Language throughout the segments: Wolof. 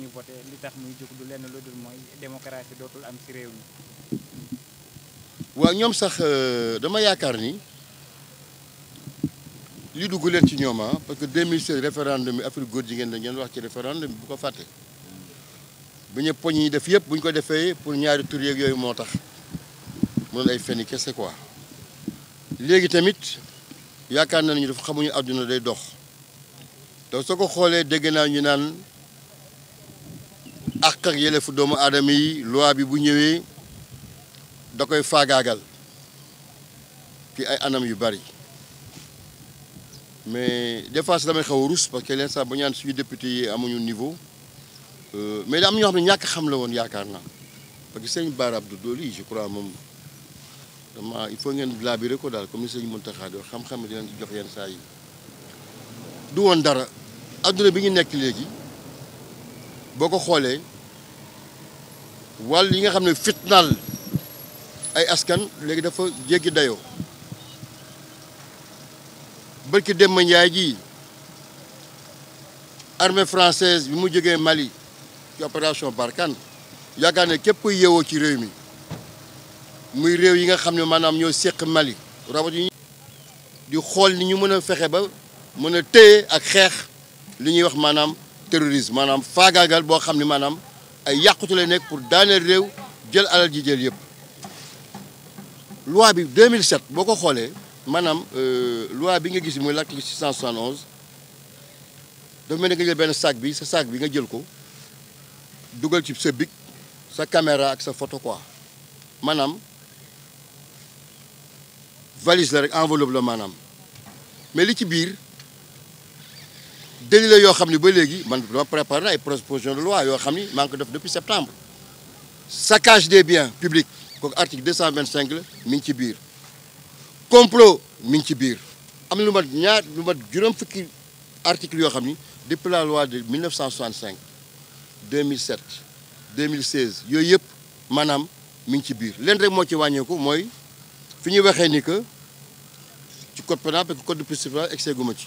ñu voté li tax muy jóg waaw ñoom sax euh, dama yaakaar ni li dugg leen ci ñoom ah parce que 2016 référendum bi Afrique góor jigéen da ngeen wax ci référendum bu ko fàtte. bu ñu poñ yi def yëpp bu ñu ko defee pour ñaari tur yeeg yooyu moo tax mu doon ay fenn kese quoi léegi tamit yaakaar nañu dafa xamuñu àdduna day dox te soo ko xoolee dégg naa ñu naan. ak yele yelleefu doomu aadama yi loi bi bu ñewé da koy faagaagal ci ay anam yu bari mais des fois damay xaw a parce que l'instant bu ñaan suñu député yi amuñu niveau euh, mais da am ñoo xam ne ñàkk xam la won yaakaar naa parce que sëñ Bara Abdou Dolly je crois mom dama il faut ngeen labiré ko dal comme ni sëñ Mountakha doon xam-xam di ci jox yeen sa yi du won dara adduna bi ñu nekk légui boko ko xoolee wàll yi nga xam ne ay askan léegi dafa dayo dayoo bërki Demba Njaay ji armée française bi mu Mali ci opération Barkhane ya ne képp kuy yeewoo ci réew mi muy réew yi nga ñoo Mali robot yi di xool ni ñu mën a fexe ba ak li ñuy wax terrorisme Manam faagaagal boo ay pour alal loi 2007 boko manam, loi bi euh, l'article 671 sac bi sa sac bi nga sa sa caméra ak sa photo quoi manam, valise la rek enveloppe mais li ci déli la yoo xam ni ba léegi man dama préparé na ay proposition de loi yoo xam ni maa ngi ko def depuis septembre saccage des biens publics kooku article 225 la mi ci biir complot mi ngi ci biir am na lu mat ñaar lu mat juróom fukki article yoo xam ni depuis la loi de 1965 2007 2016 yooyu yëpp maanaam mi ngi ci biir leen rek moo ci wàññeeku mooy fi ñuy ni que ci code pénal parce que code de procédure pénale excès ma ci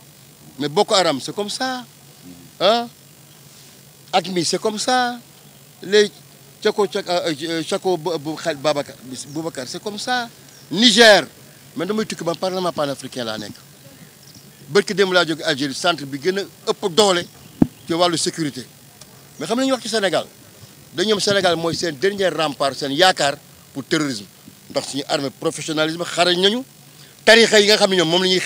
Mais Boko Haram, c'est comme ça. Hein? Admis, c'est comme ça. Les Tchako, Tchako euh, euh, euh, Boubacar, c'est comme ça. Niger, maintenant, je suis le Parlement panafricain. Là, barki démb laa jóge Algérie centre bi gën a ëpp tu ci wàllu sécurité mais xam nañu wax ci Sénégal dañoom Sénégal mooy seen dernier rempart un yakar pour terrorisme ndax suñu armée professionnalisme car nañu tarixa yi nga xam ne ñoom moom la les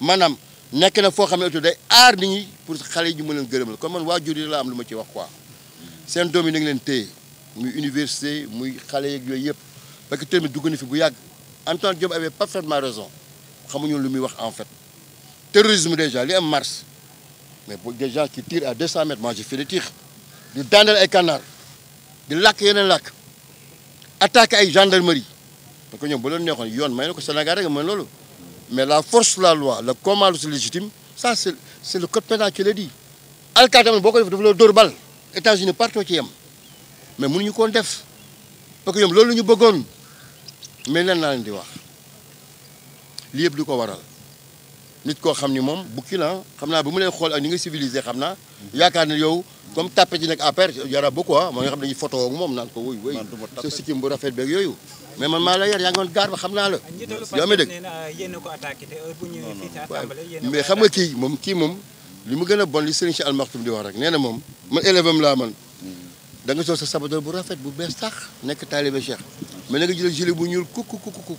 madame nek na fo xam ne day aar nit ñi pour xalé yi ñu mën leen gërëmal kon man wajuri la am luma ci wax quoi sen domi yi ngi leen téy muy université muy xalé ak yoy yépp parce que tamit dugg fi bu yag Antoine Diome avait parfaitement raison xamuñu lu muy wax en fait terrorisme déjà li am mars mais bu des gens qui tirent à 200 mètres moi j'ai fait des tirs di daaneel ay canard di làkk yeneen làkk attaque ay gendarmerie parce que ñoom bu leen neexon yoon may na ko Sénégal rek man lolu mais la force de la loi, le commandement légitime, ça c'est le code pénal qui le dit. Al-Qaïda, beaucoup de le dorbal, États-Unis partout qui Mais nous ne pouvons pas parce que ñoom loolu la ñu mais leen naa leen di wax lii yëpp lu ko waral nit koo xam ni moom bukki la xam naa bu mu lay xool ak ni nga civilisé xam naa yaakaar ne yow comme tàppe ci nekk affaire yara ba quoi moo nga xam dañuy photo ak moom naan ko wuy wuy sa sikkim bu rafet beeg yooyu mais man maa la yar yaa ngi gaar ba xam naa la yaa ma dégg mais xam nga kii moom kii moom li mu gën a bon li Serigne Cheikh Al Maktoum di wax rek nee na moom man élève am laa man mm. da nga sol sa sabadoor bu rafet bu bees tax nekk taalibe Cheikh mais na nga jël gilet bu ñuul kukk kuk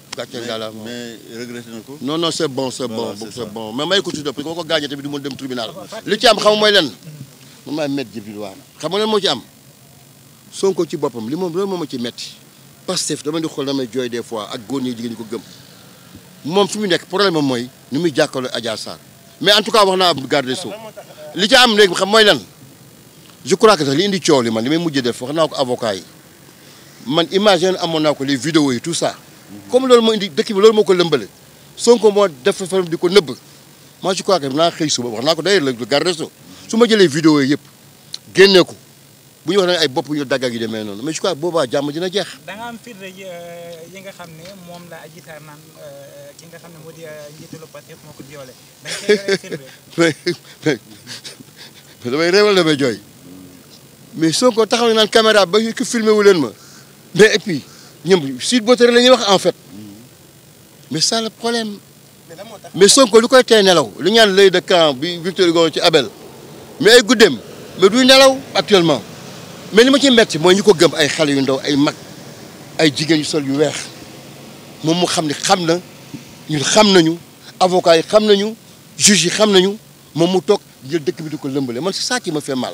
mais non non c'est bon c'est bon c'est bon mais de ko je parce de ko Je tamit du je tribunal li ci am xam de Je de Je est ci de Sonko ci je li Je ci Je Pastef dama di des fois ak de ko Je de problème suis mais en tout cas je suis de je li ci am Je je crois que li indi de li man avocat imagine je suis de les vidéos tout ça comme loolu mo indi dëkk bi loolu moko leumbele Sonko mo def fa fam diko neub ma ci crois que naa xëy suba wax naa ko d'ailleurs le garder so suma jele vidéo yëpp genné ko buñu wax na ay bop yu dagga gi démé non mais je crois boba jàmm dina jeex. da nga am firnde yi nga xamné mom la ajitar Sarr ki nga xamné modi moo di njiitalu Pastef moo da nga cee yore firnde. mais rewal da damay joy mais Sonko taxaw na caméra ba ki filmé wu len ma mais et puis. ñoom Sweet Beauté la ñuy wax en fait mais ça le problème mais Sonko lu koy tey nelaw lu ñaan lay de camp bi Victor Hugo ci Abel mais ay guddeem mais duy nelaw actuellement mais li ma ci metti mooy ñu ko gëm ay xale yu ndaw ay mag ay jigéen yu sol yu weex moom mu xam ne xam na avocat yi xam juge yi xam nañu moom mu toog jël dëkk bi di ko lëmbale man c'est ça qui me fait mal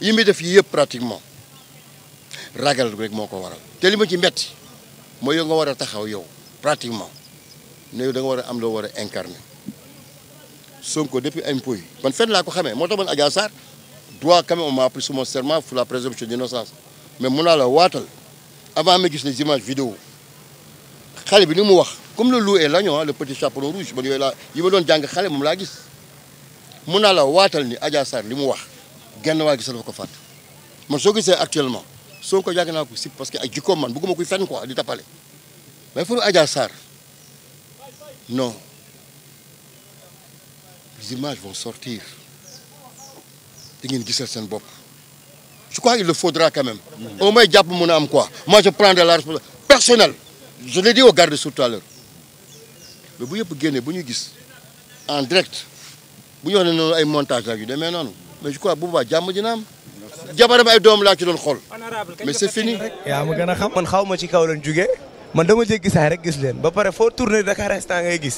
il muy def yii pratiquement ragal rek moo ko waral te li ma ci metti mooy yow nga war a taxaw yow pratiquement ne da nga war a am loo war a incarner Sonko depuis un yi man fenn laa ko xamee moo tax man Adja sar doit quand même on m'a appris sur mon serment pour la présomption d'innocence mais mun naa la waatal avant ma gis les images vidéo xale bi ni mu wax comme le loup et l'agneau hein, le petit chaperon rouge man yooyu laa yi ma doon jàng xale moom laa gis mun naa la waatal ni Adja sar li mu wax genn waa gi sa dafa ko fàtt man soo gisee actuellement soo ko yàgg naa ko sib parce que ay jikkoom man bëgguma koy fenn quoi di tapale mais foofu Adja Sarr non les images vont sortir di ngeen gisal seen bopp je crois qu'il le faudra quand même On moins jàpp mën a am quoi moi je prends de la responsabilité personnelle je l'ai dit au garde tout à l'heure mais bu yëpp génnee bu ñu gis en direct bu ñu wax ne ay montage ak yu demee noonu mais je crois bu boobaa jàmm dina am. jabaram ay doom laa ci doon xool. mais c'est fini. yaa ma gën xam man xaw ma ci kaw lañ jugee man dama jéggi saay rek gis leen ba pare foo tourné Dakar instant ngay gis.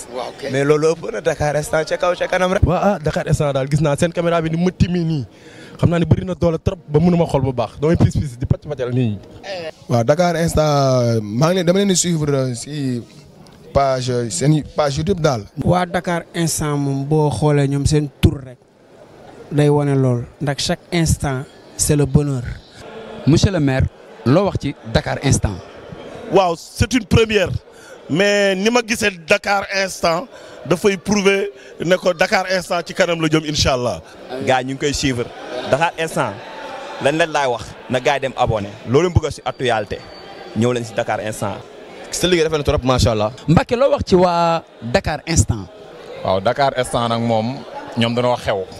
mais loolu ëpp na Dakar kaw kanam rek. waaw ah, gis naa seen caméra bi ni mu timmi nii xam naa ne bëri na doole trop ba mënuma xool bu baax damay pis pis di pàcc pàccal nit ñi. waaw Dakar instant maa ngi leen dama leen di suivre si. page seen page YouTube daal. waa Dakar instant moom boo xoolee ñoom seen tour rek. day woné lool ndax chaque instant c'est le bonheur. monsieur le maire lo wax ci Dakar instant. waaw c'est une première mais ni gissé Dakar instant fay prouver ne ko Dakar instant ci kanam la jëm inshallah allah. ñu koy suivre Dakar instant lan leen lay wax na gaay dem abonné leen bëgg ci si actualité ñew leen ci Dakar instant. sa ligue rafet na trop machallah mbacké lo wax ci wa Dakar instant. waaw Dakar instant nag moom ñoom dañoo xew.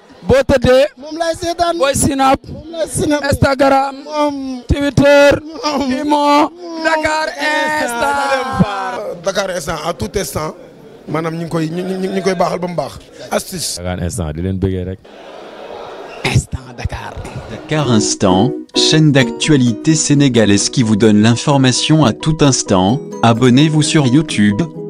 boo tëddee. moom lay Instagram. Twitter. Imo. Dakar instant. Dakar instant à tout instant. Madame, nous sommes koy ñu ngi koy astuce. Dakar instant di leen bëggee rek. Instant Dakar. Dakar instant, chaîne d'actualité sénégalaise qui vous donne l'information à tout instant. Abonnez-vous sur YouTube.